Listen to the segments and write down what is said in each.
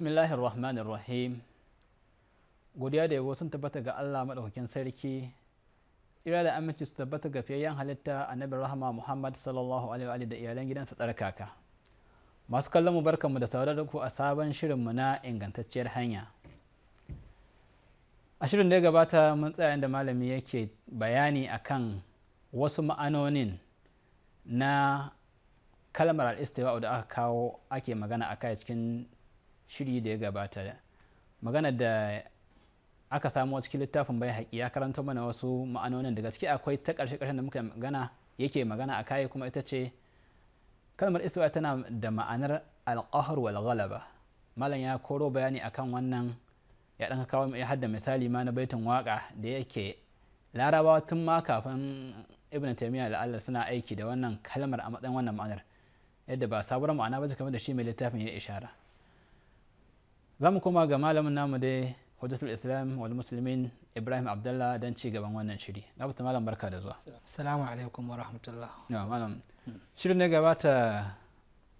bismillahir rahmanir rahim godiya da yabo sun tabbata ga allah maɗaukakin sarki tsira da aminci su tabbata ga fiyayyen halitta annabi rahama muhammad sallallahu alaihi da iyalan gidansa tsarkaka masu kallon mu barkanmu da saurar ku a sabon shirinmu na ingantacciyar hanya a shirin da ya gabata mun tsaya da malami yake bayani akan wasu ma'anonin na kalmar al'istiwa da aka kawo ake magana a kai cikin shiri da ya gabata magana da aka samu a cikin littafin bai haƙi ya karanta mana wasu ma'anonin da gaske akwai ta ƙarshe ƙarshen da muka gana yake magana a kai kuma ita ce kalmar istiwa tana da ma'anar alƙahar wal ghalaba malam ya koro bayani akan wannan ya ɗan kawo ya hadda misali ma na baitin waƙa da yake larabawa tun ma kafin ibn taimiyya da allah suna aiki da wannan kalmar a matsayin wannan ma'anar yadda ba sabuwar ma'ana ba kamar da shi mai littafin ya ishara za mu koma ga malamin namu dai hujjatul islam wal musulmin ibrahim abdullah don ci gaban wannan shiri na fita malam barka da zuwa salamu alaikum wa rahmatullah na malam shirin na gabata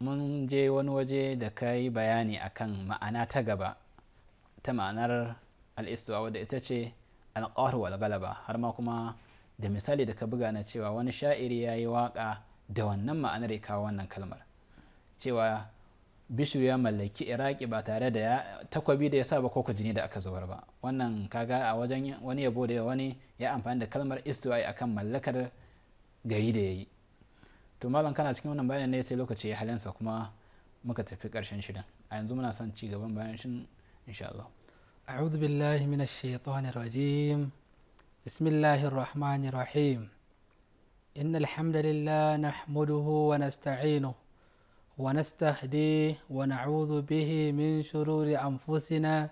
mun je wani waje da ka yi bayani akan ma'ana ta gaba ta ma'anar al'istuwa wadda ita ce alƙawar wal galaba har ma kuma da misali da ka buga na cewa wani sha'iri ya yi waƙa da wannan ma'anar ya kawo wannan kalmar cewa bishiru ya mallaki iraki ba tare da ya takwabi da ya sa ba ko jini da aka zubar ba wannan kaga a wajen wani yabo da wani ya amfani da kalmar istiwa'i kan mallakar gari da ya yi to malam kana cikin wannan bayanin ne sai lokaci ya halinsa kuma muka tafi karshen shirin a yanzu muna son ci gaban bayan shin insha Allah a'udhu billahi minash shaitanir rajim bismillahir rahmanir rahim innal hamdalillah nahmaduhu wa nasta'inuhu ونستهديه ونعوذ به من شرور أنفسنا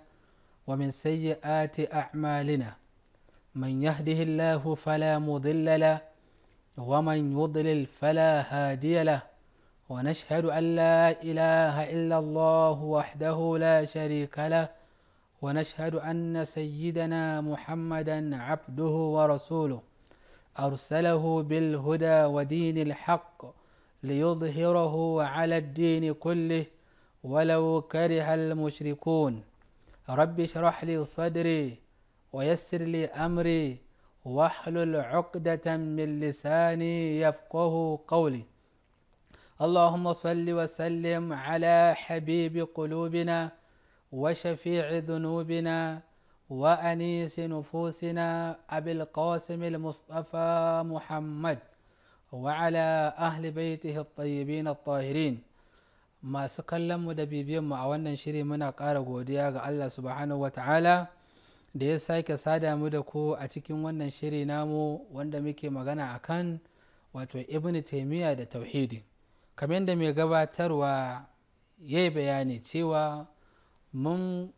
ومن سيئات أعمالنا من يهده الله فلا مضل له ومن يضلل فلا هادي له ونشهد أن لا إله إلا الله وحده لا شريك له ونشهد أن سيدنا محمدا عبده ورسوله أرسله بالهدى ودين الحق ليظهره على الدين كله ولو كره المشركون رب اشرح لي صدري ويسر لي أمري واحلل عقدة من لساني يفقه قولي اللهم صل وسلم على حبيب قلوبنا وشفيع ذنوبنا وأنيس نفوسنا أبي القاسم المصطفى محمد وعلى أهل بيته الطيبين الطاهرين masu kallonmu da mu a wannan shirin muna ƙara godiya ga Allah subhanahu da ya sake sada mu da ku a cikin wannan shiri namu wanda muke magana a kan wato ibn taimiyya da tauhidi kamar da mai gabatarwa ya yi bayani cewa mun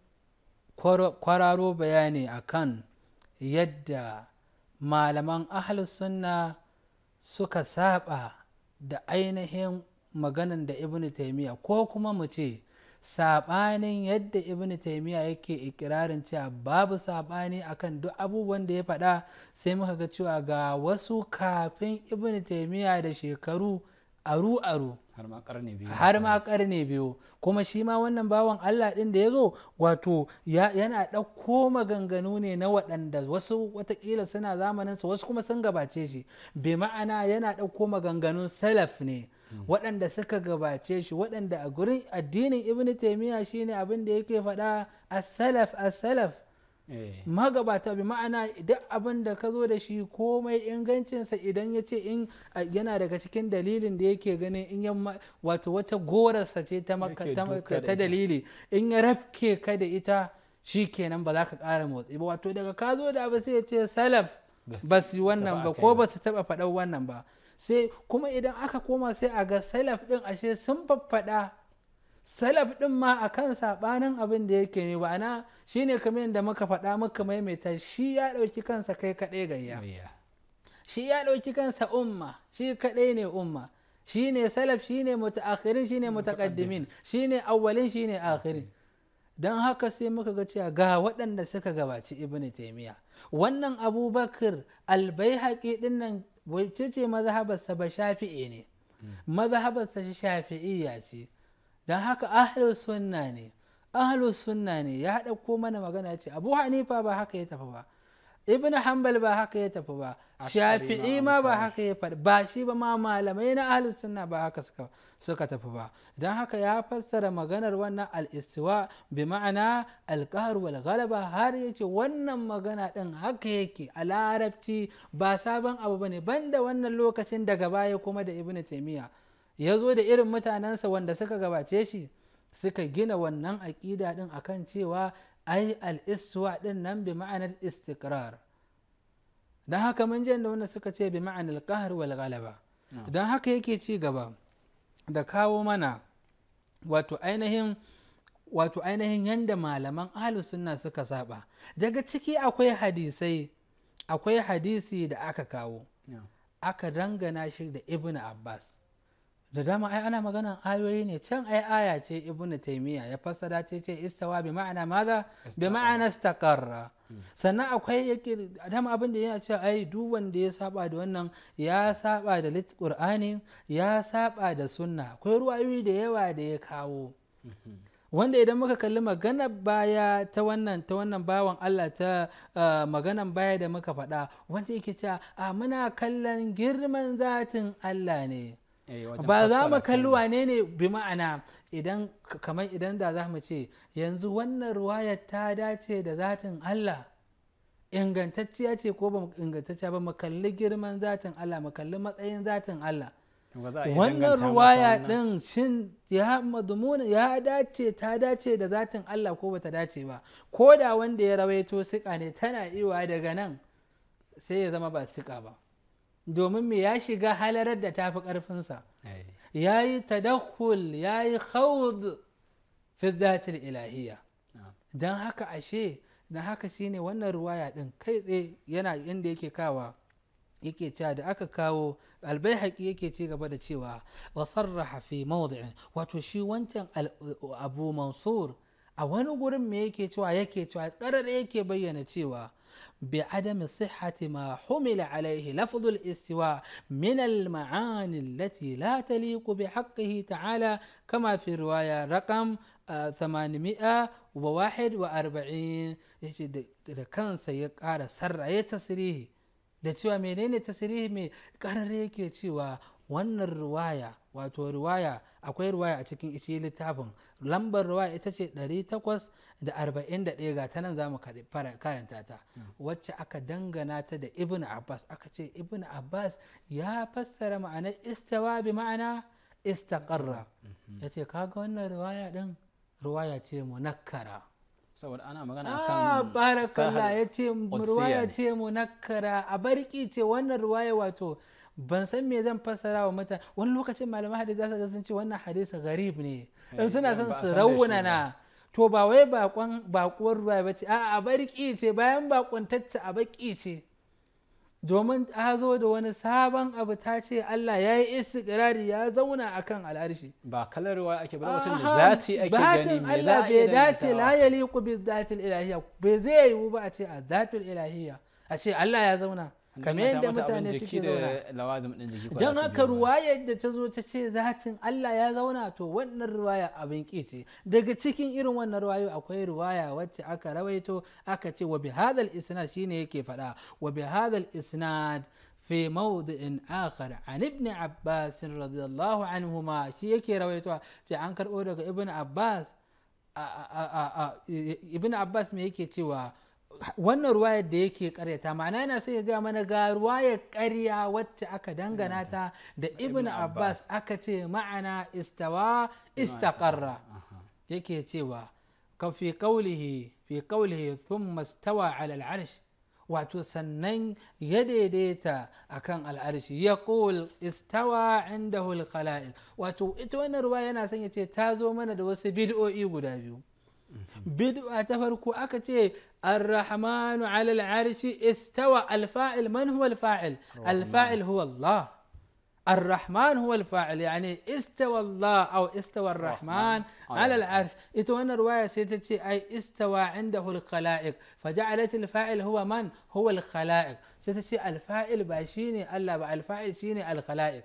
kwararo bayani a kan yadda malaman ahal sunna suka saba da ainihin maganan da ibn taimiyya ko kuma mu ce saɓanin yadda ibn taimiyya yake ikirarin cewa babu saɓani akan duk abubuwan da ya faɗa sai muka ga cewa ga wasu kafin ibn taimiyya da shekaru aru-aru har ma karne biyu kuma shi ma wannan bawan allah din da ya zo wato yana ɗauko maganganu ne na waɗanda wasu watakila suna zamaninsa wasu kuma sun gabace shi bai ma'ana yana ɗauko maganganun salaf ne hmm. waɗanda suka gabace shi waɗanda a gurin addinin ibn taimiyya shine abin da yake faɗa as-salaf as-salaf Eh. magabata bi ma'ana duk abin da ka zo da shi komai ingancinsa idan ya ce in yana daga cikin dalilin da yake ganin in ya wato wata gorarsa ce ta dalili in ya rafke ka da ita shi kenan ba za ka ƙara motsi ba wato daga ka zo da ba sai ya ce salaf ba su wannan ba ko ba su taɓa faɗan wannan ba sai kuma idan aka koma sai a ga salaf ɗin ashe sun faffaɗa salaf ɗin ma a kan saɓanin abin da yake ne ba'ana shi ne kamar yadda muka faɗa muka maimaita shi ya ɗauki kansa kai kaɗai gayya shi ya ɗauki kansa umma shi kaɗai ne umma shi ne salaf shi ne mutaakhirin shi ne mutaƙaddimin shi ne awwalin shi ne akhirin don haka sai muka ga cewa ga waɗanda suka gabaci ibn taimiya wannan abubakar albai haƙi ɗin nan wacce ce mazhabarsa ba shafi'i ne hmm. mazhabarsa shafi'iyya ce don haka ahlus sunna ne ahlus sunna ne ya ɗauko mana magana ce abu hanifa ba haka ya tafi ba ibn hanbal ba haka ya tafi ba shafi'i ma ba haka ya faɗi ba shi ba ma malamai na ahlus sunna ba haka suka tafi ba don haka ya fassara maganar wannan al-istiwa bi ma'ana alqahar wal ghalaba har yace wannan magana din haka yake a larabci ba sabon abu bane banda wannan lokacin daga baya kuma da ibn taymiya ya zo da irin mutanensa wanda suka gabace shi suka gina wannan aƙida ɗin kan cewa ai al'iswa ɗin nan bi ma'anar istikrar don haka mun da wanda suka ce bi ma'anar ƙahar wal don haka yake ci gaba da kawo mana wato ainihin wato ainihin yadda malaman ahalus sunna suka saba daga ciki akwai hadisai akwai hadisi da aka kawo aka dangana shi da ibn abbas da dama ai ana magana ayoyi ne can ai aya ce ibnu taymiya ya fassara ce ce istawa bi ma'ana maza bi ma'ana istaqarra hmm. sannan akwai yake dama abin da yana cewa ai duk wanda ya saba da wannan ya saba da lit qur'ani ya saba da sunna akwai ruwayoyi da yawa da ya kawo hmm. wanda idan muka kalli magana baya ta wannan ta wannan bawan Allah ta ah, maganan baya da muka faɗa wanda yake cewa a ah, muna kallon girman zatin Allah ne Eh, ba za mu kalli wane ne bi ma'ana idan kamar idan da za mu ce yanzu wannan ruwaya ta dace da zatin Allah ingantacciya ce ko ba ingantacciya ba mu kalli girman zatin Allah mu kalli matsayin zatin Allah wannan ruwaya din shin ya madmuna ya dace ta dace da zatin Allah ko bata dace ba ko da wanda ya rawaito sika ne tana iwa daga nan sai ya zama ba sika ba domin me ya shiga halarar da tafi karfinsa eh. ya yi tadakkul ya yi khawd fi dhatil ah. don haka ashe na haka shine wannan ruwaya din kai tsaye yana inda yake kawa yake cewa da aka kawo albaihaqi yake ci gaba da cewa wa sarraha fi mawdi'in wato shi wancan abu mansur a wani gurin me yake cewa yake cewa karar yake bayyana cewa bi adami sihhati ma humila alaihi lafzul istiwa min al ma'ani allati la taliqu bi haqqihi ta'ala kama fi riwaya raqam 841 yace da kansa ya kara sarraye tasrihi da cewa menene tasrihi me karar yake cewa wannan riwaya wato riwaya akwai riwaya a cikin ishi littafin lambar riwaya ita ce 841 ga ta nan za mu karanta ta wacce aka dangana ta da ibn abbas aka ce ibn abbas ya fassara ma'anar istawa bi ma'ana istaqarra ya ce kaga wannan riwaya din riwaya ce munakkara saboda ana magana ah, kan barakallah ya ce riwaya ce munakkara a barki ce wannan riwaya wato ban san me zan fassara wa mutane wani lokacin malaman hadisi za su ga sun ce wannan hadisi garib ne eh, in suna son su raunana to ba wai bakon bakuwar ruwa ba ce a'a barki ce bayan tacce a baki ce domin a zo da wani sabon abu ta ce Allah ya yi istiqrari ya zauna akan al'arshi ba kalar ruwa ake ba mutum da zati ake gani me za a bai dace la yaliqu bi zatil ilahiyya bai zai yiwu ba a ce a zatil ilahiyya a ce Allah ya zauna kamar yadda mutane suke zauna don haka ruwayar da ta zo ta ce zatin Allah ya zauna to wannan ruwaya abin ki ce daga cikin irin wannan ruwayo akwai ruwaya wacce aka rawaito aka ce wa bi hadal isnad shine yake faɗa wa bi hadal isnad في موضع آخر عن ابن عباس رضي shi yake شي يكي رويتوا تي عنكر أورك ابن عباس ابن عباس ميكي wannan ruwayar da yake karyata ma'ana yana sai ya gaya mana ga ruwayar karya wacce aka dangana ta da ibn abbas aka ce ma'ana istawa istaqarra yake cewa ka fi kaulihi fi kaulihi thumma mastawa wato sannan ya daidaita akan al'arshi ya kul istawa inda hulkala'in wato ita wannan ruwa yana son ya ce ta zo mana da wasu bid'o'i guda biyu بدو تفرق أكتي الرحمن على العرش استوى الفاعل من هو الفاعل الفاعل هو الله الرحمن هو الفاعل يعني استوى الله أو استوى الرحمن آه. على العرش إتوانا رواية سيتتي أي استوى عنده الخلائق فجعلت الفاعل هو من هو الخلائق سيتتي الفاعل باشيني ألا الفاعل شيني الخلائق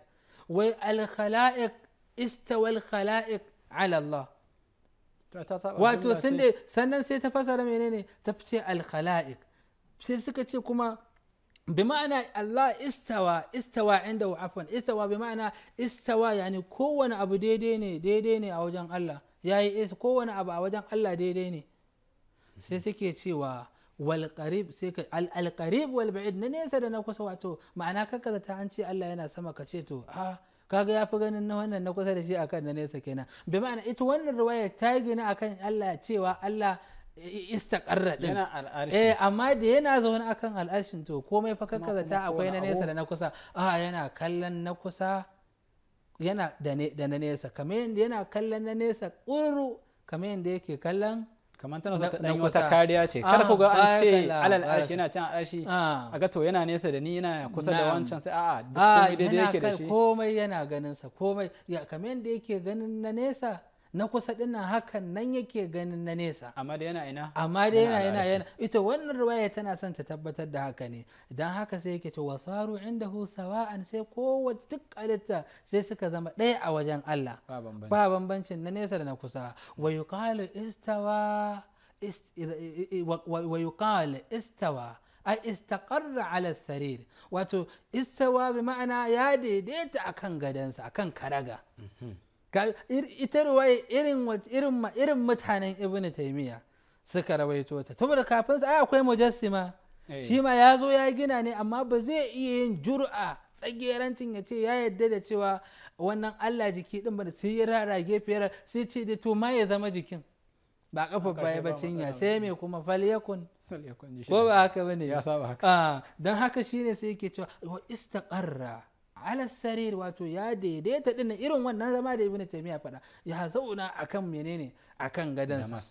والخلائق استوى الخلائق على الله wato sannan sai ta fasara menene ta fice alkhala'ik sai suka ce kuma bi ma'ana Allah istawa istawa inda afwan istawa bi ma'ana istawa yani kowane abu daidai ne daidai ne a wajen Allah yayi is kowane abu a wajen Allah daidai ne sai suke cewa wal qarib sai ka al qarib wal ba'id na nesa da na kusa wato ma'ana kakkaza ta an ce Allah yana sama ka ce to a ah, kaga ya fi ganin na wannan na kusa da shi akan na nesa kenan bi ma'ana ita wannan ruwaya ta gina akan Allah cewa Allah istaqarra din eh amma da yana zaune akan al'arshin to komai fa kakkaza ta akwai na nesa da na kusa a ah, yana kallon na kusa yana da na nesa kamar yana kallon na nesa ƙuru kamar yanda yake kallon kamar tana zata ta dan wata kariya ce kar ku ga an ah, ce alal arshi yana can arshi ah. a ga to yana nesa da ni yana kusa da wancan sai a'a duk ah, komai daidai yake da shi komai yana ganin sa komai ya kamar yadda yake ganin na nesa na kusa dinnan hakan nan yake ganin na nesa amma da yana ina amma da yana ina yana ita wannan riwaya tana son ta tabbatar da haka ne dan haka sai yake cewa da indahu sawa'an sai kowace duk halitta sai suka zama ɗaya a wajen Allah ba bambancin na nesa da na kusa wa yuqalu istawa wa yuqalu istawa ai istaqarra ala sarir wato istawa bi ma'ana ya daidaita akan gadansa akan karaga mhm. ita ruwaye irin mutanen ibn taimiyya suka rawaito ta saboda kafin a akwai mujassima eh. shi ma ya zo ya gina ne amma ba zai iya yin jur'a tsagerancin ya ce ya yadda da cewa wannan allah jiki din ba sai ya rara gefe sai ce da to ma ya zama jikin ba kafa baya ba cinya sai me kuma falyakun ko ba haka bane ya saba haka ah, don haka shine sai yake cewa wa istaqarra ala sarir wato ya daidaita din irin wannan zama da ibn taymiya fada ya zauna akan menene akan gadansa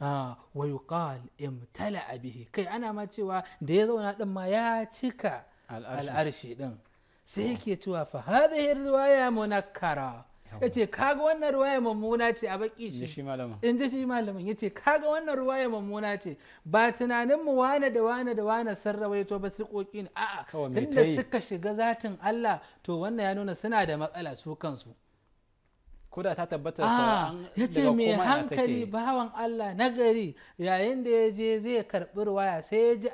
ah, wa yuqal imtala bihi kai ana ma cewa da ya zauna din ma ya cika al'arshi din sai yake cewa fa hadhihi riwaya munakkara ya ce kaga wannan ruwaya mummuna ce a baki shi in ji shi malamin ya ce kaga wannan ruwaya mummuna ce ba tunanin mu wane da wane da wane sun rawaito ba su koki ne a'a tunda suka shiga zatin Allah to wannan ya nuna suna da matsala su kansu ko da ta tabbata ya ah, ce mai hankali bawan Allah nagari yayin da ya je zai karɓi ruwaya sai ya ji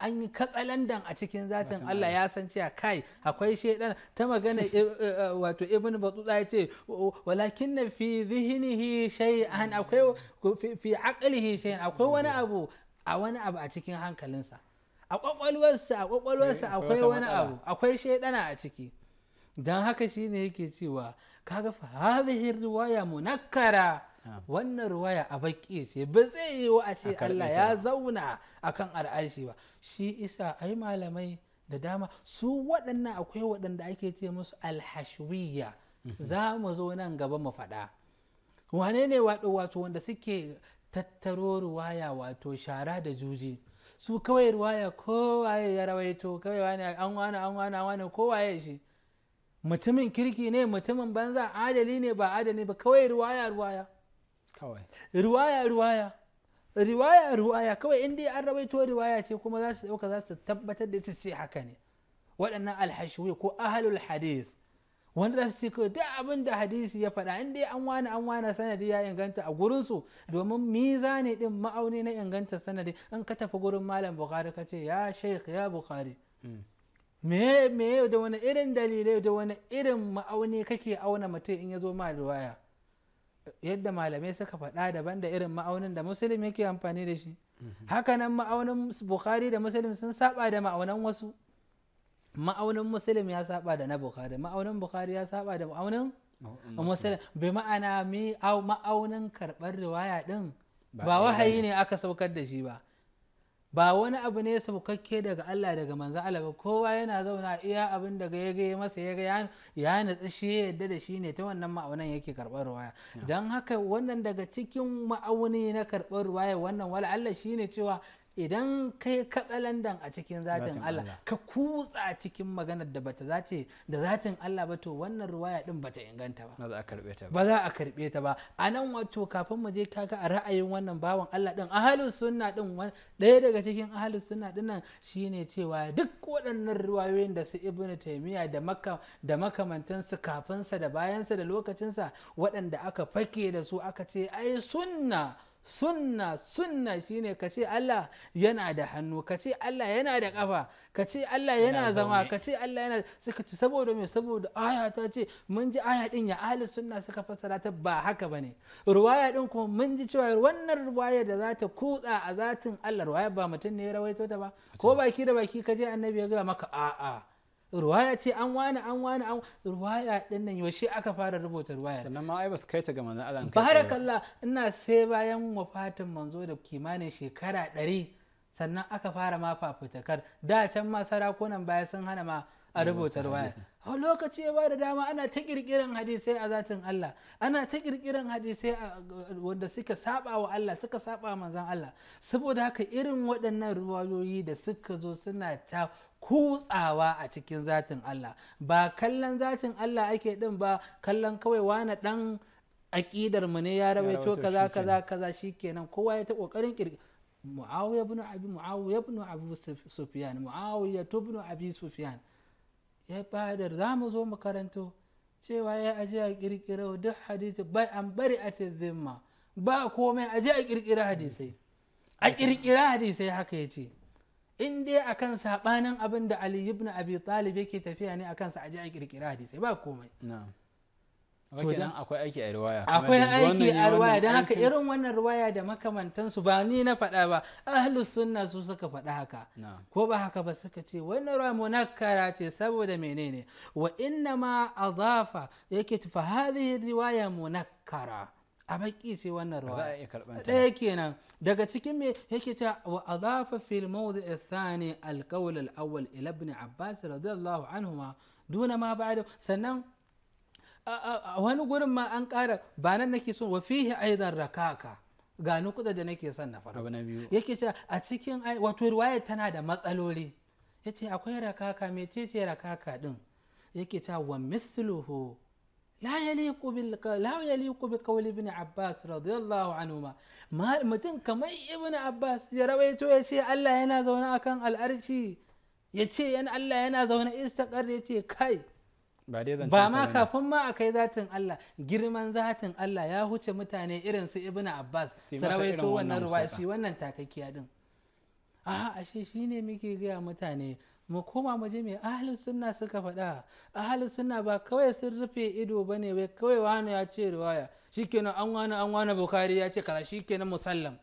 an yi katsalandan a cikin zatin Allah ya san cewa kai akwai shaidan ta magana eh, eh, eh, wato ibn batuta ya ce walakin na fi zihinihi shay'an akwai fi aqlihi shay'an akwai wani mm-hmm. abu a wani abu a cikin hankalinsa a kwakwalwarsa a kwakwalwarsa akwai wani abu akwai shaidana a ciki don haka shi ne yake cewa kaga fa hadhihi ruwaya munakkara ah. wannan ruwaya a baƙi ce ba zai wa a ce Allah ya zauna akan al'arshi ba shi isa ai malamai da dama su waɗannan akwai waɗanda ake ce musu alhashwiya mhm. za mu zo nan gaba mu faɗa wane ne wato wanda suke tattaro ruwaya wato shara da juji su kawai ruwaya kowaye ya rawaito kawai wani an wani an wani an wani kowaye shi mutumin kirki ne mutumin banza adali ne ba adali ba kawai ruwaya ruwaya kawai ruwaya ruwaya riwaya ruwaya kawai in dai an rawaito riwaya ce kuma za su dauka za su tabbatar da su ce haka ne waɗannan alhashuwi ko ahalul hadith wanda za su ce kawai duk abin da hadisi ya faɗa in dai an wani an wani sanadi ya inganta a gurinsu domin miza ne din ma'auni na inganta sanadi in ka tafi gurin malam bukhari ka ce ya sheikh ya bukhari hmm. me me da wani irin dalilai da wani irin ma'auni kake auna mutum in ya zo ma riwaya yadda malamai suka faɗa daban da irin ma'aunin da musulmi yake amfani da shi mhm. hakanan ma'aunin bukhari da musulmi sun saba da ma'aunan wasu ma'aunin musulmi ya saba da na bukhari ma'aunin bukhari ya saba da ma'aunin musulmi bi ma'ana ma'aunin karɓar riwaya din ba wahayi ne aka saukar da shi ba ba wani abu ne saukakke daga Allah daga manzan Allah ba kowa yana zauna iya abin da ya ga masa ya ga ya natsi shi ya yadda da shi ne ta wannan ma'aunan yake karɓar ruwaya don haka wannan daga cikin ma'auni na karɓar ruwaya wannan wala Allah shine cewa idan kai katsalandan a cikin zatin Allah ka kutsa cikin maganar da bata zace da zatin Allah ba to wannan ruwaya din bata inganta ba ba za a karbe ta ba anan wato kafin mu je kaga a ra'ayin wannan bawan Allah din ahlus sunna din ɗaya daga cikin ahlus sunna din nan shine cewa duk waɗannan ruwayoyin da su ibnu taymiya da makka da kafin sa da bayansa da lokacinsa waɗanda aka fake da su aka ce ai sunna sunna sunna shine ka ce Allah yana da hannu ka ce Allah yana da kafa ka ce Allah yana zama ka ce Allah yana suka ci saboda me saboda aya ta ce mun ji aya din ya ahli sunna suka fassara ta ba haka bane ruwaya din kuma mun ji cewa wannan ruwaya da za ta kutsa a zatin Allah ruwaya ba mutum ne ya rawaito ta ba ko baki da baki ka je annabi ya ga maka a'a ruwaya ce an wani an wani an ruwaya din nan yaushe aka fara rubuta ruwaya sannan ma ai ba kai ta ga manzon Allah kai barakallah ina sai bayan wafatin manzo da kimanin shekara ɗari sannan aka fara ma fafutakar da can ma sarakunan baya sun hana ma a rubuta ruwaya a lokaci ya da dama ana ta kirkiran hadisai a zatin Allah ana ta kirkiran hadisai wanda suka saba wa Allah suka saba manzon Allah saboda haka irin waɗannan ruwayoyi da suka zo suna ta kutsawa a cikin zatin Allah ba kallon zatin Allah ake din ba kallon kawai wani dan aƙidar mu ne ya to kaza kaza kaza shikenan kowa ya ta kokarin kirki muawiya ibn abi muawiya ibn abi sufyan muawiya ibn abi sufyan ya fadar za mu zo mu karanto cewa ya aje a kirkira duk hadisi bai an bari a zimma ba komai aje a kirkira hadisai a kirkira hadisai haka ya ce in dai akan sabanin abin da Ali ibn Abi Talib yake tafiya ne akan sa aje a kirkira hadisi ba komai to dan akwai aiki a riwaya akwai aiki a riwaya dan haka irin wannan riwaya da makamantansu ba ni na faɗa ba ahlus sunna su suka faɗa haka ko ba haka ba suka ce wannan riwaya munakkara ce saboda menene wa inna ma azafa yake fa hadhihi riwaya munakkara a baki ce wannan ruwaya ɗaya kenan daga cikin me yake cewa wa adafa fil mawdi athani alqawl alawwal ila ibn abbas radiyallahu anhuma duna ma ba'da sannan wani gurin ma an ƙara ba nan nake so wa fihi aidan rakaka ga nukuda da nake son na faru yake cewa a cikin wato ruwaya tana da matsaloli yace akwai rakaka mecece rakaka din yake cewa wa mithluhu la yaliqu bil bi qawl ibn abbas radiyallahu anhuma mutum kamar ibn abbas ya rawaito ya ce Allah yana zaune akan al'arci ya ce Allah yana zaune istaqar ya ce kai ba ma kafin ma a kai zatin Allah girman zatin Allah ya huce mutane irin su ibn abbas su rawaito wannan ruwa shi wannan takakkiya din a ashe shine muke gaya mutane mu koma mu ji me ahalin sunna suka faɗa ahalin sunna ba kawai sun rufe ido ba ne. bai kawai wani ya ce riwaya shikenan an wani an wani bukari ya ce kaza shikenan musallam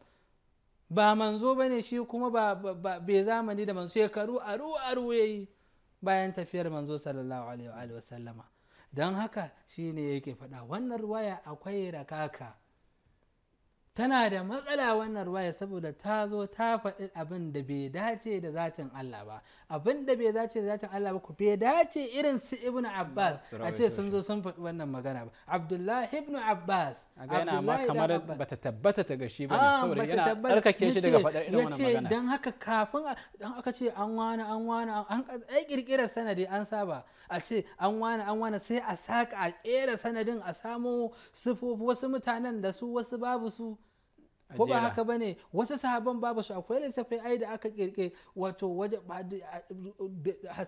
ba manzo ba ne shi kuma ba bai zamani da manzo shekaru aru aru yi, bayan tafiyar manzo sallallahu alaihi wa sallama don haka shi ne yake faɗa wannan ruwaya akwai rakaka tana da matsala wannan ruwaya saboda ta zo ta faɗi abin da bai dace da zatin Allah ba abin da bai dace da zatin Allah ba ku bai dace irin su ibn Abbas a ce sun zo sun faɗi wannan magana ba Abdullahi ibn Abbas a yana ma kamar bata tabbata ta gashi ba ah, saboda yana tsarkake shi daga faɗar irin wannan magana dan haka kafin dan aka ce an wani an wani an ai kirkira sanadi an saba a ce an wani an wani sai a saka a kera sanadin a samo sufofi wasu mutanen da su wasu babu su ko ba haka ba ne wasu sahabban babu su akwai littafai ai da aka kirkira wato waje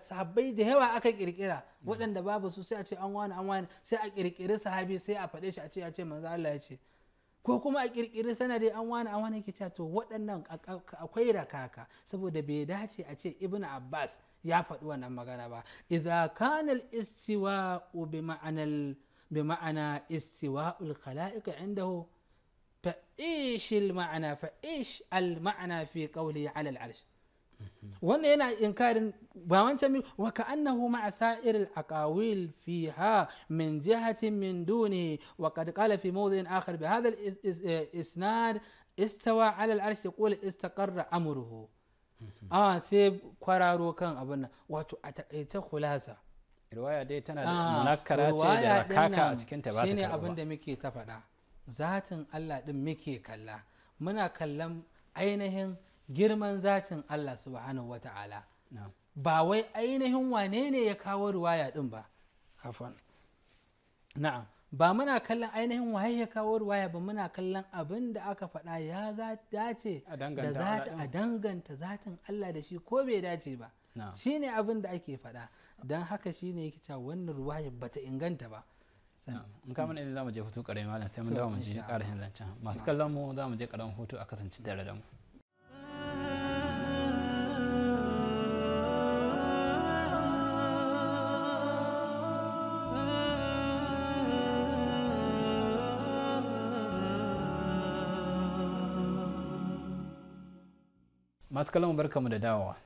sahabbai da yawa aka kirkira waɗanda babu su sai a ce an wani an wani sai a kirkiri sahabi sai a faɗe shi a ce a ce manzo Allah ya ce ko kuma a kirkiri sanadi an wani an wani ke cewa to waɗannan akwai rakaka saboda bai dace a ce ibnu abbas ya faɗi wannan magana ba idza kana al-istiwa bi ma'ana bi ma'ana al khala'iq indahu فايش المعنى فايش المعنى في قوله على العرش وانا هنا انكار وكانه مع سائر الاقاويل فيها من جهه من دونه وقد قال في موضع اخر بهذا الاسناد استوى على العرش يقول استقر امره اه سيب قرارو كان ابنا واتو اتقيت خلاصه الروايه دي تنا آه، منكره تي دا كاكا cikin ta ba ta shine abin zatin Allah ɗin muke kalla muna kallon ainihin girman zatin Allah subhanahu wa ta'ala ba wai ainihin wane ne ya kawo ruwaya ɗin ba na'am ba muna kallon ainihin waye ya kawo ruwaya ba muna kallon abin da aka faɗa ya dace a danganta zatin Allah da shi ko bai dace ba shine abin da ake faɗa don haka shine yake cewa wannan ruwaya bata inganta ba Ah, in ka ne za mu je hutu karamin malam sai mun dawo mu je ƙarashin zancen masu kallon mu za mu je karamin hutu a kasance tare da mu masu kallon barkamu da dawowa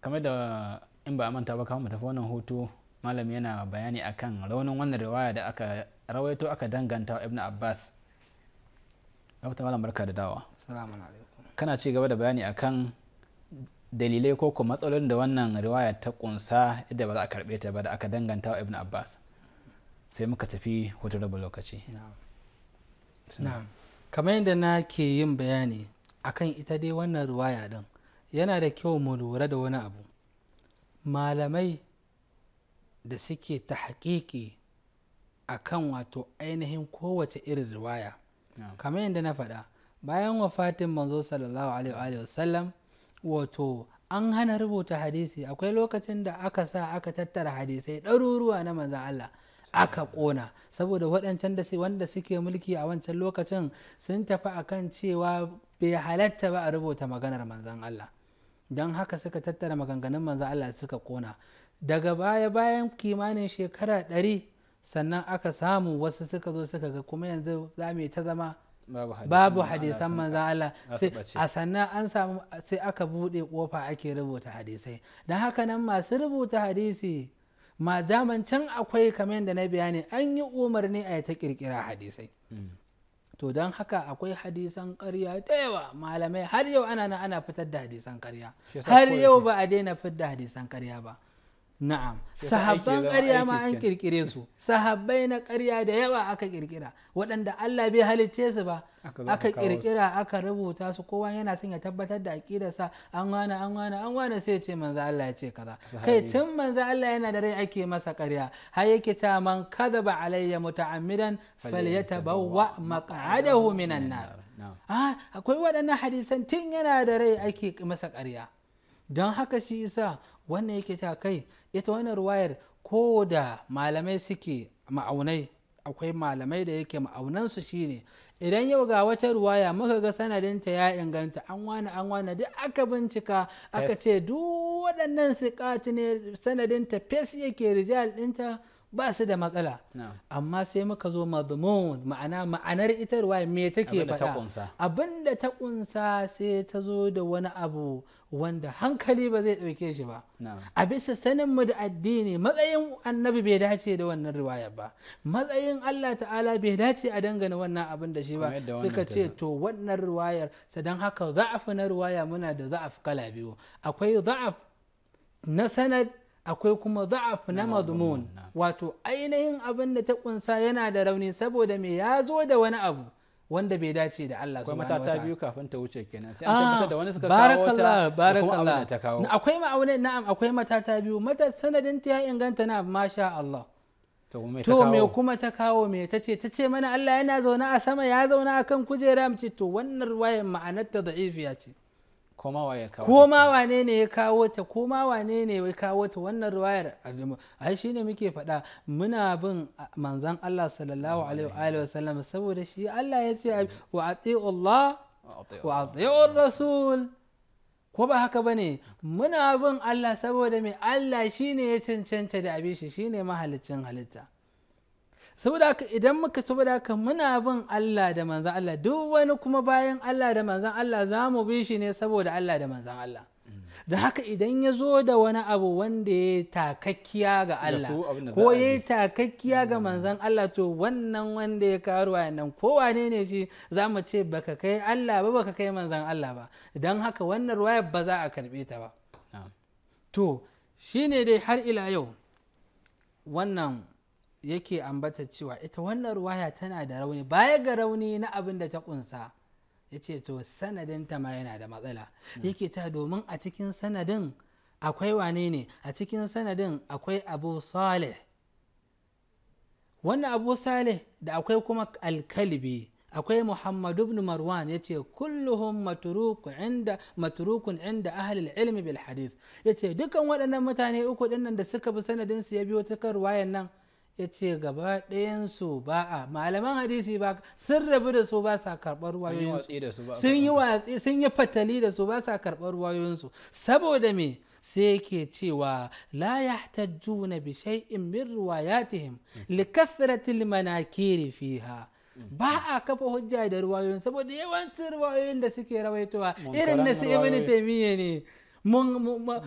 kamar da in ba a manta ba kawo mu tafi wannan hutu malam yana bayani akan raunin wannan riwaya da aka rawaito aka danganta wa ibn abbas malam barka da dawa kana ci gaba da bayani akan dalilai ko kuma matsalolin da wannan riwaya ta kunsa yadda ba za a karbe ta ba da aka danganta wa ibn abbas sai muka tafi hutu lokaci kamar yadda na ke yin bayani akan ita dai wannan riwaya din yana da kyau mu lura da wani abu malamai da suke ta haƙiƙi a kan wato ainihin kowace irin riwaya kamar yadda na faɗa bayan wafatin manzo sallallahu alaihi wasallam wato an hana rubuta hadisi akwai lokacin da aka sa aka tattara hadisai ɗaruruwa na manzan Allah aka ƙona saboda waɗancan da wanda suke mulki a wancan lokacin sun tafi akan cewa bai halatta ba a rubuta maganar manzan Allah don haka suka tattara maganganun manzan Allah suka ƙona daga baya bayan kimanin shekara ɗari sannan aka samu wasu suka zo suka ga kuma yanzu za mu ta zama babu hadisan manzan Allah a sannan an samu sai aka buɗe kofa ake rubuta hadisai don haka nan masu rubuta hadisi ma daman can akwai kamar yadda na bayani an yi umarni a ta ƙirƙira hadisai to don haka akwai hadisan karya da yawa malamai har yau ana ana fitar da hadisan karya har yau ba a daina fitar da hadisan karya ba na'am sahabban ƙarya ma an kirkire su sahabbai na ƙarya da yawa aka kirkira waɗanda Allah bai halicce su ba aka kirkira aka rubuta su kowa yana son ya tabbatar da aƙidarsa an wana an wana an wana sai ce manzo Allah ya ce kaza kai tun manzo Allah yana da rai ake masa ƙarya har yake ta man ba alayya muta'ammidan falyatabawwa maq'adahu minan nar ah, akwai waɗannan hadisan tun yana da rai ake masa ƙarya don haka shi isa wannan yake ta kai ita wannan ruwayar ko da malamai suke ma'aunai akwai malamai da yake ma'aunansu shine idan yau ga wata ruwaya muka ga sanadinta ya inganta an wani an wani duk aka bincika aka ce duk waɗannan sikati ne sanadinta fes yake rijal ɗinta ba su da matsala amma sai muka zo mazmun ma'ana ma'anar ita ruwaya me take faɗa abin da ta kunsa sai ta zo da wani abu wanda hankali ba zai ɗauke shi ba a bisa sanin mu da addini matsayin annabi bai dace da wannan riwaya ba matsayin Allah ta'ala bai dace a dangane wannan abin da shi ba suka ce to wannan riwayar sadan haka za'af na riwaya muna da za'af kala biyu akwai za'af na sanad akwai kuma za'af na madmun wato ainihin abin da ta kunsa yana da rauni saboda me ya zo da wani abu wanda bai dace da Allah subhanahu wata. akwai matata biyu kafin ta wuce kenan sai an ah, tabbatar da wani suka kawo ta barakallah ta akwai ma'aunai na'am akwai matata biyu mata sanadin ta ya inganta na masha Allah to me kuma ta kawo me ta ce ta ce mana Allah yana zaune a sama ya zauna akan kujera mu to wannan ruwayan ma'anar ta da'ifiya ce ko ma wane ne ya kawo ta ko ma wane ne ya kawo ta wannan ruwayar ai shi ne muke faɗa muna bin manzan Allah sallallahu alaihi wa sallam saboda shi Allah ya ce wa ati'u Allah wa ati'u Rasul ko ba haka bane muna bin Allah saboda mai Allah shine ya cancanta da abin shi shi ne mahalicin halitta saboda haka idan muka saboda haka muna bin Allah da manzan Allah duk wani kuma bayan Allah da manzan Allah za mu bi shi ne saboda Allah da manzan Allah da haka idan ya zo da wani abu wanda ya takakkiya ga Allah ko ya takakkiya ga mm. manzan Allah to wannan wanda ya karuwa nan wane ne shi za mu ce baka kai Allah ba baka kai manzan Allah ba don haka wannan ruwayar ba za a karbe ta ba to shine dai har ila yau wannan yake ambata cewa ita wannan ruwaya tana da rauni baya ga rauni na abin da ta kunsa ya ce to sanadinta ma yana da matsala hmm. yake ta domin a cikin sanadin akwai wane ne a cikin sanadin akwai abu saleh wannan abu saleh da akwai kuma alkalbi akwai muhammadu ibn marwan ya ce kulluhum maturukun inda ahalil ilmi bil hadith ya ce dukan waɗannan mutane uku ɗinnan da suka bi sanadinsu ya biyo ta kan nan ya ce gaba ɗayansu ba a malaman hadisi ba sun rabu da su ba sa karɓar sun yi watsi sun yi fatali da su ba sa karɓar wayoyinsu saboda me sai yake cewa la yahtajjuna bi shay'in min riwayatihim li kathratil manakiri fiha ba a kafa hujja da ruwayoyin saboda yawancin ruwayoyin da suke rawaitowa irin na su ibn taymiya ne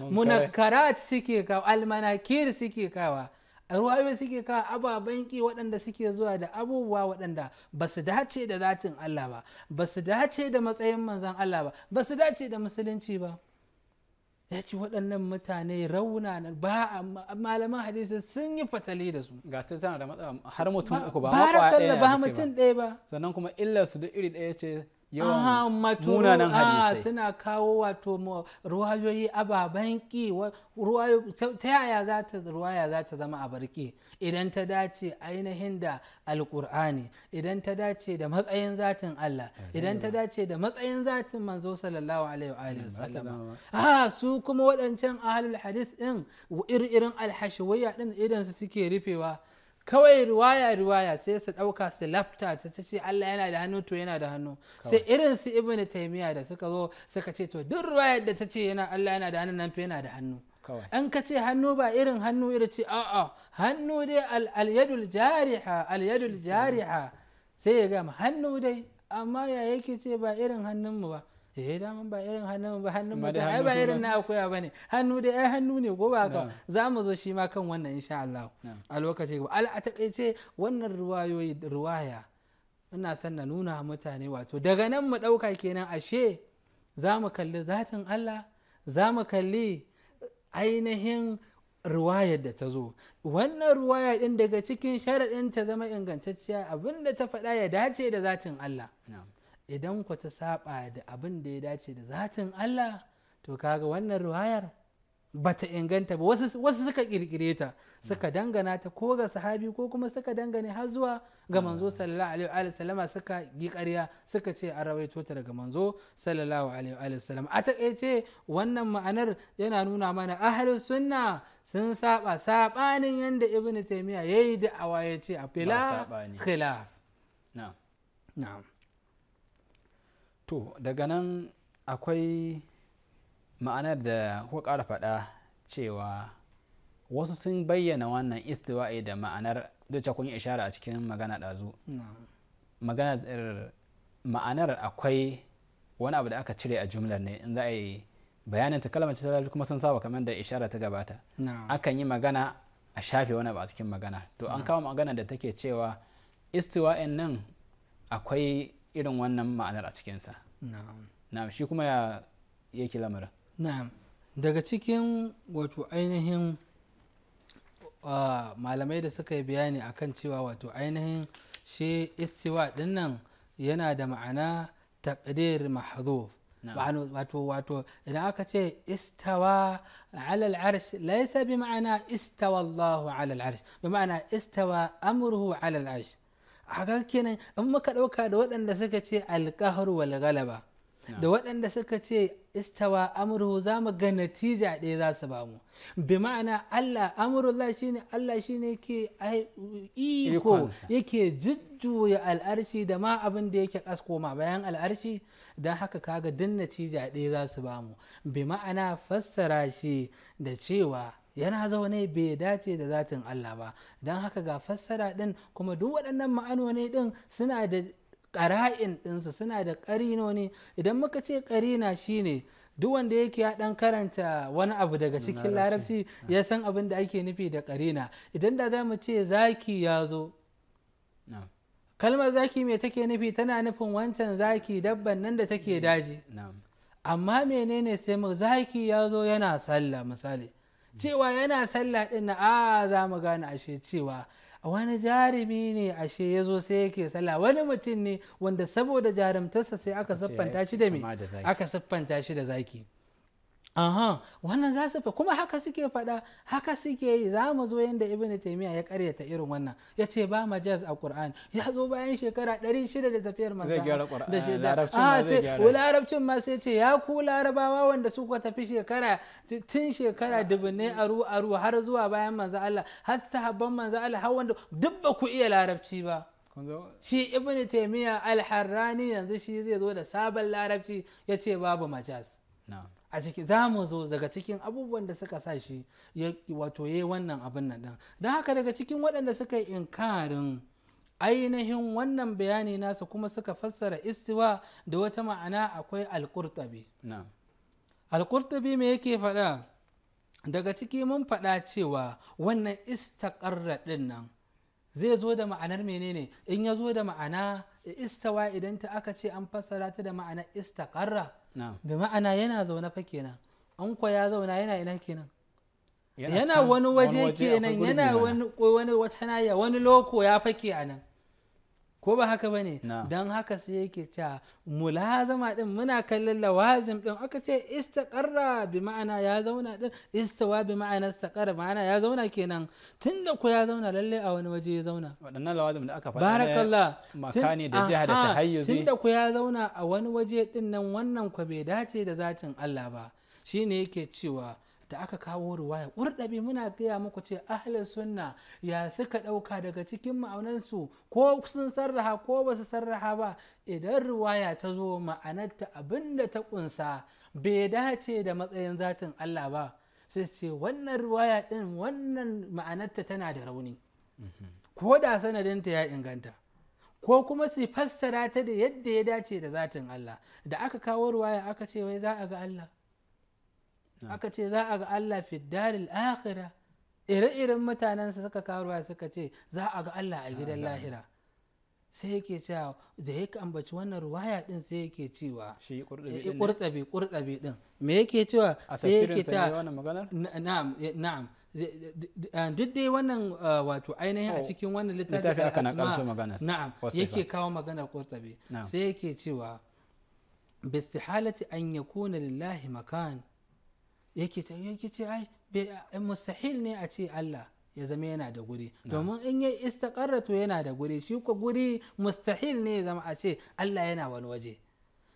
munakarat suke kawa almanakir suke kawa ruwayoyi suke ka ababen ki waɗanda suke zuwa da abubuwa waɗanda ba su dace da zatin Allah ba ba su dace da matsayin manzan Allah ba ba su dace da musulunci ba ya ce waɗannan mutane rauna na ba malaman hadisi sun yi fatali da su ga ta tana da matsala har mutum uku ba ba mutum ɗaya ba sannan kuma illar su da iri ɗaya ce yawan munanan hadisai suna kawo wato ruwayoyi ababen ki ta yaya za ta ruwaya za ta zama abarki idan ta dace ainihin da alkur'ani idan ta dace da matsayin zatin Allah idan ta dace da matsayin zatin manzo sallallahu alaihi wa sallam ha su kuma waɗancan ahlul hadis din irin alhashawiyya din idan su suke rufewa kawai riwaya riwaya sai su ɗauka su lafta ta ce Allah yana da hannu to yana da hannu sai irin su ibn taimiya da suka zo suka ce to duk riwayar da ta ce yana Allah yana da hannu nan fa yana da hannu an ka ce hannu ba irin hannu irin ce a'a hannu dai al-yadul jariha jariha sai ya gama hannu dai amma ya yake ce ba irin hannunmu ba eh mun ba irin hannun ba hannun mutum ai ba irin na akuya bane hannu dai ai hannu ne ko ba ka za mu zo shi ma kan wannan insha Allah a lokaci ba al a takaice wannan ruwayoyi ruwaya ina son na nuna mutane wato daga nan mu dauka kenan ashe za mu kalli zatin Allah za mu kalli ainihin ruwayar da ta zo wannan ruwaya din daga cikin sharaɗin ta zama ingantacciya abinda ta faɗa ya dace da zatin Allah idan ku ta saba da abin da ya dace da zatin Allah to kaga wannan ruwayar ba ta inganta ba wasu suka kirkire ta suka dangana ta ko ga sahabi ko kuma suka dangane har zuwa ga manzo sallallahu alaihi wa sallama suka yi ƙarya suka ce an rawaito ta daga manzo sallallahu alaihi wa sallam a taƙaice wannan ma'anar yana nuna mana ahlus sunna sun saba sabanin yanda ibnu taymiya yayi da awaye ce a fila khilaf na'am na'am To daga nan akwai ma'anar da kuka ƙara faɗa cewa wasu sun bayyana wannan istiwa'i da ma'anar duk kun yi ishara a cikin magana ɗazu. ma'anar akwai wani abu da aka cire a jumlar ne in za a yi bayanin ta kalmar ta kuma sun saba kamar da ishara ta gabata. Akan yi magana a shafe wani abu a cikin magana. To an kawo magana da take cewa istiwa'in nan akwai irin wannan ma'anar a cikinsa na'am shi kuma ya yake lamarin na'am daga cikin wato ainihin malamai da suka yi bayani akan cewa wato ainihin shi istiwa dinnan yana da ma'ana takdir mahdhuf wato wato idan aka ce istawa alal arsh laisa bi ma'ana istawa Allahu alal arsh bi ma'ana istawa amruhu alal arsh haka kenan in muka ɗauka da waɗanda suka ce alkahar wal galaba da waɗanda suka ce istawa amru za mu ga natija ɗaya za su bamu bi ma'ana Allah shine Allah shine ke iko yake jujjuya al'arshi da ma abin da yake ma bayan al'arshi don haka kaga din natija ɗaya za su bamu bi ma'ana fassara shi da cewa yana zaune bai dace da zatin Allah ba don haka ga fassara ɗin kuma duk waɗannan ma'anoni ɗin suna da ƙara'in ɗinsu suna da ƙarinoni idan muka ce ƙarina shine duk wanda yake ya ɗan karanta wani abu daga cikin larabci ya san abin da ake nufi da ƙarina idan da za mu ce zaki ya zo kalmar zaki mai take nufi tana nufin wancan zaki dabban nan da take eh, daji amma menene sai mu zaki ya zo yana sallah misali cewa yana sallah din na a ah, za mu gane ashe cewa wani jarumi ne ashe ya zo sai yake sallah wani mutum ne wanda saboda jarumtarsa sai aka siffanta shi da me aka siffanta shi da zaki aha wannan za su kuma haka suke faɗa haka suke yi za mu zo yadda ibn taymiya ya karyata irin wannan ya ce ba majaz a qur'an ya zo bayan shekara 600 da tafiyar manzo zai gyara qur'an larabcin ah, ma zai gyara larabcin ma sai ce ya ku larabawa wanda su ka tafi shekara tun shekara ah. dubunne aru aru har zuwa bayan manzo Allah har sahabban manzo Allah har wanda duk ba ku iya larabci ba shi ibn taymiya al-harrani yanzu shi zai zo da sabon larabci ya ce babu majaz na'am a ciki za mu zo daga cikin abubuwan da suka sa shi wato ya wannan abin nan ɗin don haka daga cikin waɗanda suka yi inkarin ainihin wannan bayani nasa kuma suka fassara istiwa da wata ma'ana akwai alkurtabi alkurtabi me yake faɗa daga ciki mun faɗa cewa wannan istakarra ɗin nan zai zo da ma'anar menene in ya zo da ma'ana istawa idan ta aka ce an fassara ta da ma'ana istakarra da ma'ana yana zaune fa kenan an kwa ya zauna yana ina kenan yana wani waje kenan yana wani wata naya wani loko ya fake a nan ko ba haka ba ne don haka sai yake cewa mulazama din muna kallon lawazim din aka ce istaqarra bi ma'ana ya zauna din istawa bi ma'ana istaqarra ma'ana ya zauna kenan tunda ko ya zauna lalle a wani waje ya zauna waɗannan lawazim da aka faɗa barakallah makani da jiha da tahayyuzi tunda ko ya zauna a wani waje din nan wannan ku bai dace da zatin Allah ba shine yake cewa da aka kawo ruwaya ƙurɗabi muna gaya muku ce ahlin sunna ya suka ɗauka daga cikin ma'aunansu ko sun sarraha ko ba su sarraha ba idan ruwaya ta zo ma'anarta abin da ta ƙunsa bai dace da matsayin zatin Allah ba sai ce wannan ruwaya ɗin wannan ma'anarta tana da rauni ko da sanadinta ya inganta ko kuma su fassara ta da yadda ya dace da zatin Allah da aka kawo ruwaya aka ce wai za a ga Allah aka ce za a ga Allah fi daril akhira ire-iren mutanen suka karuwa suka ce za a ga Allah a gidan lahira sai yake cewa da ya ambaci wannan ruwaya din sai yake cewa shi kurtabi kurtabi eh, din me yake cewa sai yake cewa na'am na'am duk dai wannan wato ainihin a cikin wannan littafi aka nakalto magana na'am yake kawo magana kurtabi sai yake cewa bistihalati an yakuna lillahi makan yake ta yake ce ai eh, mustahil ne a ce Allah ya zama yana da guri domin in ya istakarra to yana da guri shi ko guri mustahil ne ya zama a ce Allah yana wani waje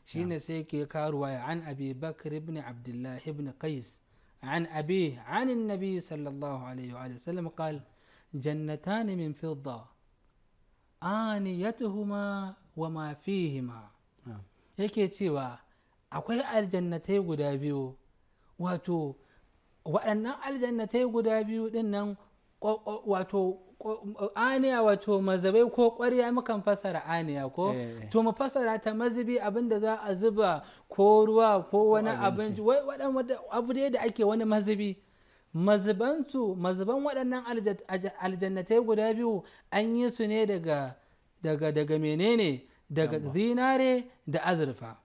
shine sai ke karuwa ya an abi bakr ibn abdullah ibn qais an abi an annabi sallallahu alaihi wa sallam qal jannatan min fidda aniyatuhuma wa ma fihima yake cewa akwai aljannatai guda biyu wato waɗannan aljannatai guda biyu ɗin nan wato aniya wato mazabai ko ƙwarya mukan fasara aniya ko eh. to mu fasara ta mazubi abinda za a zuba ko ruwa ko wani abinci waɗanda abu da ake wani mazubi mazubantu mazuban waɗannan aljannatai guda biyu an yi su ne daga daga daga menene daga zinare da azurfa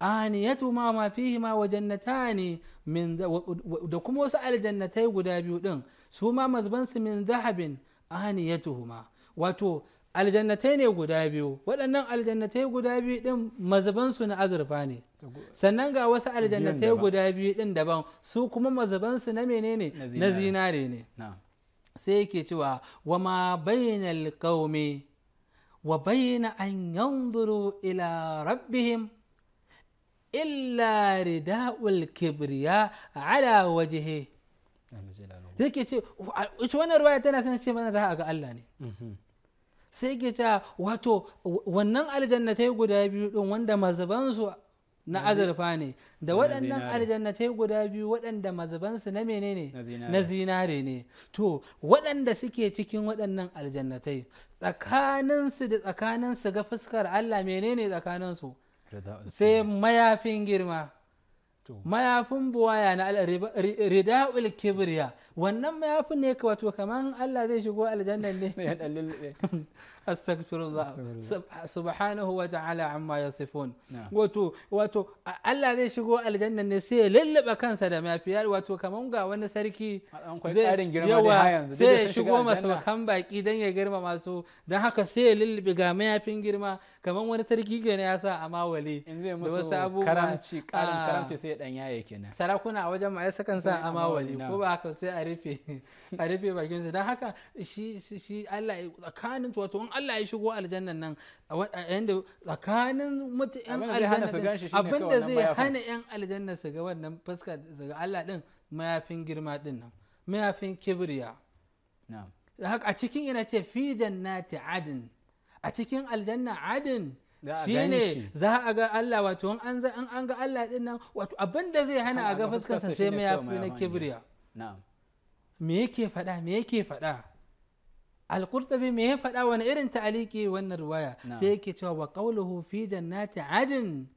aniyatuma ma fihima wa jannatani min da kuma wasu aljannatai guda biyu din su ma mazbansu min zahabin aniyatuhuma wato aljannatai ne guda biyu waɗannan aljannatai guda biyu ɗin mazabansu na azurfa ne sannan ga wasu aljannatai guda biyu din daban su kuma mazabansu na menene na zinare ne sai yake cewa wa ma bayyana alƙaumi wa bayyana an yanzuru ila rabbihim illa rida'ul kibriya ala wajihi yake ce ita wannan ruwaya tana sanar ce mana za a ga Allah ne sai ke ce wato wannan aljannatai guda biyu din wanda mazabansu na azurfa ne da waɗannan aljannatai guda biyu waɗanda mazabansu na menene na zinare ne to waɗanda suke cikin waɗannan aljannatai tsakaninsu da tsakaninsu ga fuskar Allah menene tsakaninsu sai mayafin girma mayafin buwaya na rida'ul kibriya wannan mayafin ne wato kaman Allah zai shigo aljannan ne astaghfirullah subhanahu wa ta'ala amma yasifun wato wato Allah zai shigo aljanna ne sai ya lullaba kansa da mafiya wato kaman ga wani sarki yawa sai ya shigo masaukan baki dan ya girma don haka sai ya lullube ga mayafin girma kaman wani sarki gane ya sa a mawale da wasu abubuwa karamci sarakuna a wajen ma'ai sukan sa a mawale ko ba haka a rufe a rufe bakin su don haka shi shi Allah tsakanin wato in Allah ya shigo aljannan nan yanda tsakanin mutu yan aljanna abinda zai hana yan aljanna su ga wannan fuska daga Allah din mayafin girma din nan mayafin kibriya a cikin ina ce fi jannati adin a cikin aljanna adin shine za a ga Allah wato an an ga Allah din nan wato abinda zai hana a ga fuskarsa sai mayafi na kibriya me yake faɗa me yake faɗa alkurtabi me ya faɗa wani irin ta'aliki wannan waya? sai yake cewa wa qawluhu fi jannati adin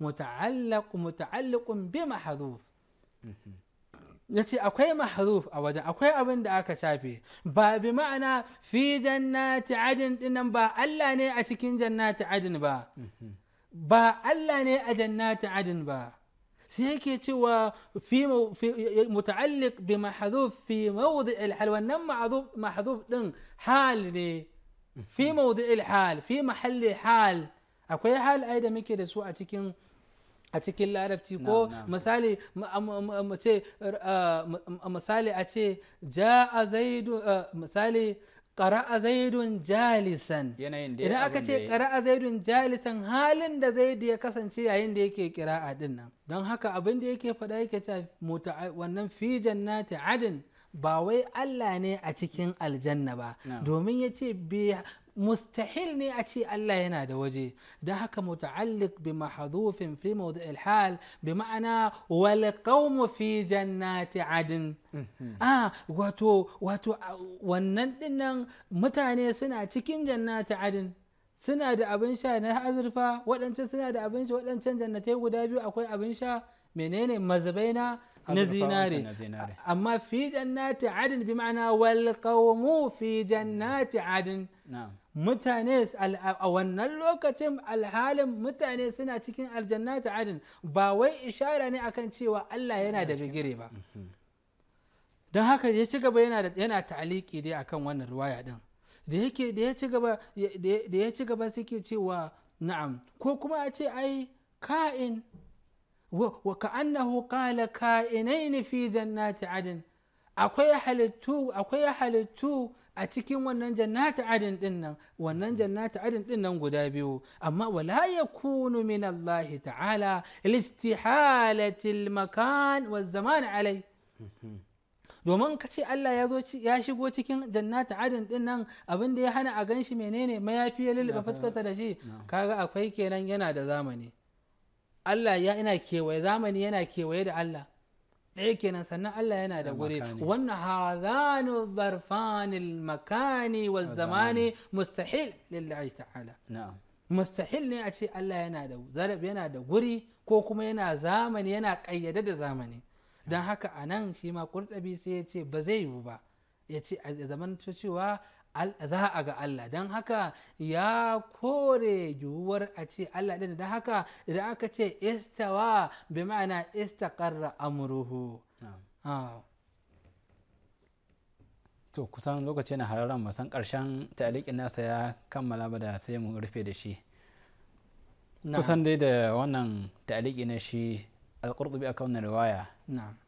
muta'allaq muta'alliqun bi mahdhuf mhm. yace akwai maharuf a wajen akwai abin da aka shafe ba bi ma'ana fi jannati adin dinnan ba Allah ne a cikin jannati adin ba mhm. ba Allah ne a jannati adin ba سيكيتي وفي مو في متعلق بما حذوف في موضع الحال ونم عذوب ما حذوف لن حال لي في موضع الحال في محل حال اكوي حال ايضا ميكي دسو اتكين اتكين لعرفتي كو نعم، نعم. مثالي آه، مثالي اتي جاء زيد آه، مثالي ƙara'a zaidun jalisan idan aka ce ƙara'a zaidun jalisan halin da zaidu ya kasance yayin da yake ƙira'a din nan don haka abin da yake faɗa yake ce wannan fi jannati adin ba wai Allah ne a cikin aljanna ba domin ya ce mustahil ne a ce Allah yana da waje da haka muta'alliq bi mahdhufin fi mawdi' al-hal bi ma'ana wal qawm adin wato wannan dinnan mutane suna cikin jannati adin suna da abin sha na azurfa waɗancan suna da abin sha waɗancan guda biyu akwai abin sha menene mazabai na na zinare amma fi jannati adin bi ma'ana wal adin mutane a wannan lokacin alhalin mutane suna cikin aljanna ta adin ba wai ishara ne akan cewa Allah yana da bigire ba mhm. don haka ya ci gaba yana ta'aliki dai akan wannan ruwaya din da ya ci gaba suke cewa na'am ko kuma a ce ai ka'in wa ka'annahu qala ka'inaini fi jannati adin akwai halittu a cikin wannan jannati adin din nan wannan jannati adin din nan guda biyu amma wala yakunu min Allah ta'ala listihalatil makan wa zaman alai domin ka ce Allah ya zo ya shigo cikin jannata adin din nan abin da ya hana a ganshi menene mayafi ya lulluɓe fuskarsa da shi kaga akwai kenan yana da zamani Allah ya ina kewaye zamani yana kewaye da Allah ɗaya kenan sannan Allah yana da guri wannan hadhanu zarfanil makani wa zamani mustahil lillahi ta'ala mustahil ne a ce Allah yana da zarab yana da guri ko kuma yana zamani yana kayyada da zamani don haka a nan shi ma kurtabi sai ya ce ba zai yiwu ba ya ce a zaman cewa za a ga Allah don haka ya kore yiwuwar a ce Allah ɗin don haka idan aka ce istawa bai ma'ana istaqarra amruhu ah. to kusan lokaci na hararren masan karshen ta'alikin nasa ya kammala ba da sai mu rufe da shi kusan dai da wannan ta'aliki na shi alƙurɗubi a kawunan riwaya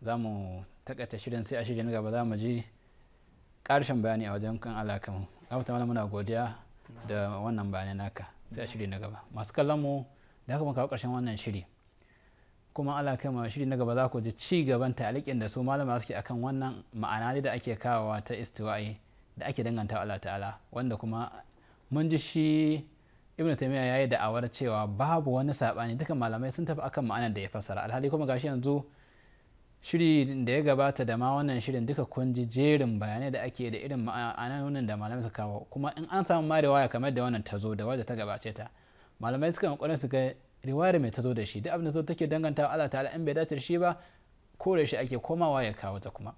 za mu takaita shirin sai a shirin gaba za mu ji karshen bayani a wajen kan alakan ta mana muna godiya da wannan bayanai naka sai a shiri na gaba masu kallon mu da haka kawo ƙarshen wannan shiri kuma alakamu a shiri na gaba za ku ji ci gaban talikin da su malama suke akan wannan ma'ana da ake kawowa ta istiwa'i da ake danganta Allah ta'ala wanda kuma mun ji shi ta'imiyya taymiya yayi da'awar cewa babu wani saɓani duka malamai sun tafi akan ma'anar da ya fassara alhali kuma gashi yanzu shiri da ya gabata da ma wannan shirin duka kun ji jerin bayanai da ake da irin ma'anonin da malamai suka kawo kuma in an samu ma riwaya kamar da wannan tazo da wadda ta gabace ta malamai suka kokarin su ga riwaya mai tazo da shi duk abin da zo take dangantawa Allah ta'ala in bai dace shi ba kore shi ake komawa ya kawo ta kuma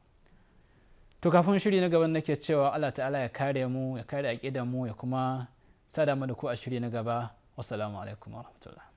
to kafin shiri na gaban nake cewa Allah ta'ala ya kare mu ya kare aƙidar mu ya kuma sada mu da ku a shiri na gaba wassalamu alaikum warahmatullahi